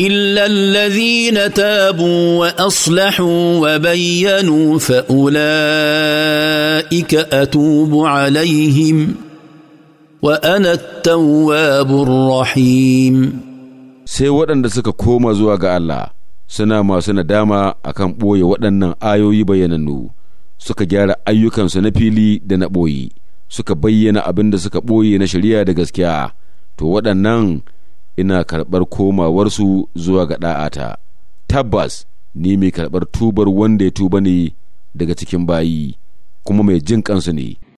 الا الذين تابوا واصلحوا وبينوا فاولئك اتوب عليهم وانا التواب الرحيم sai waɗanda suka koma zuwa ga Allah suna masu nadama akan ɓoye waɗannan ayoyi bayyanannu suka gyara ayyukansu na fili da na ɓoyi suka bayyana abin da suka ɓoye na shari'a da gaskiya to waɗannan ina karɓar komawarsu zuwa ga ɗa'ata tabbas ni mai karɓar tubar wanda ya tuba ne daga cikin bayi kuma mai jin kansu ne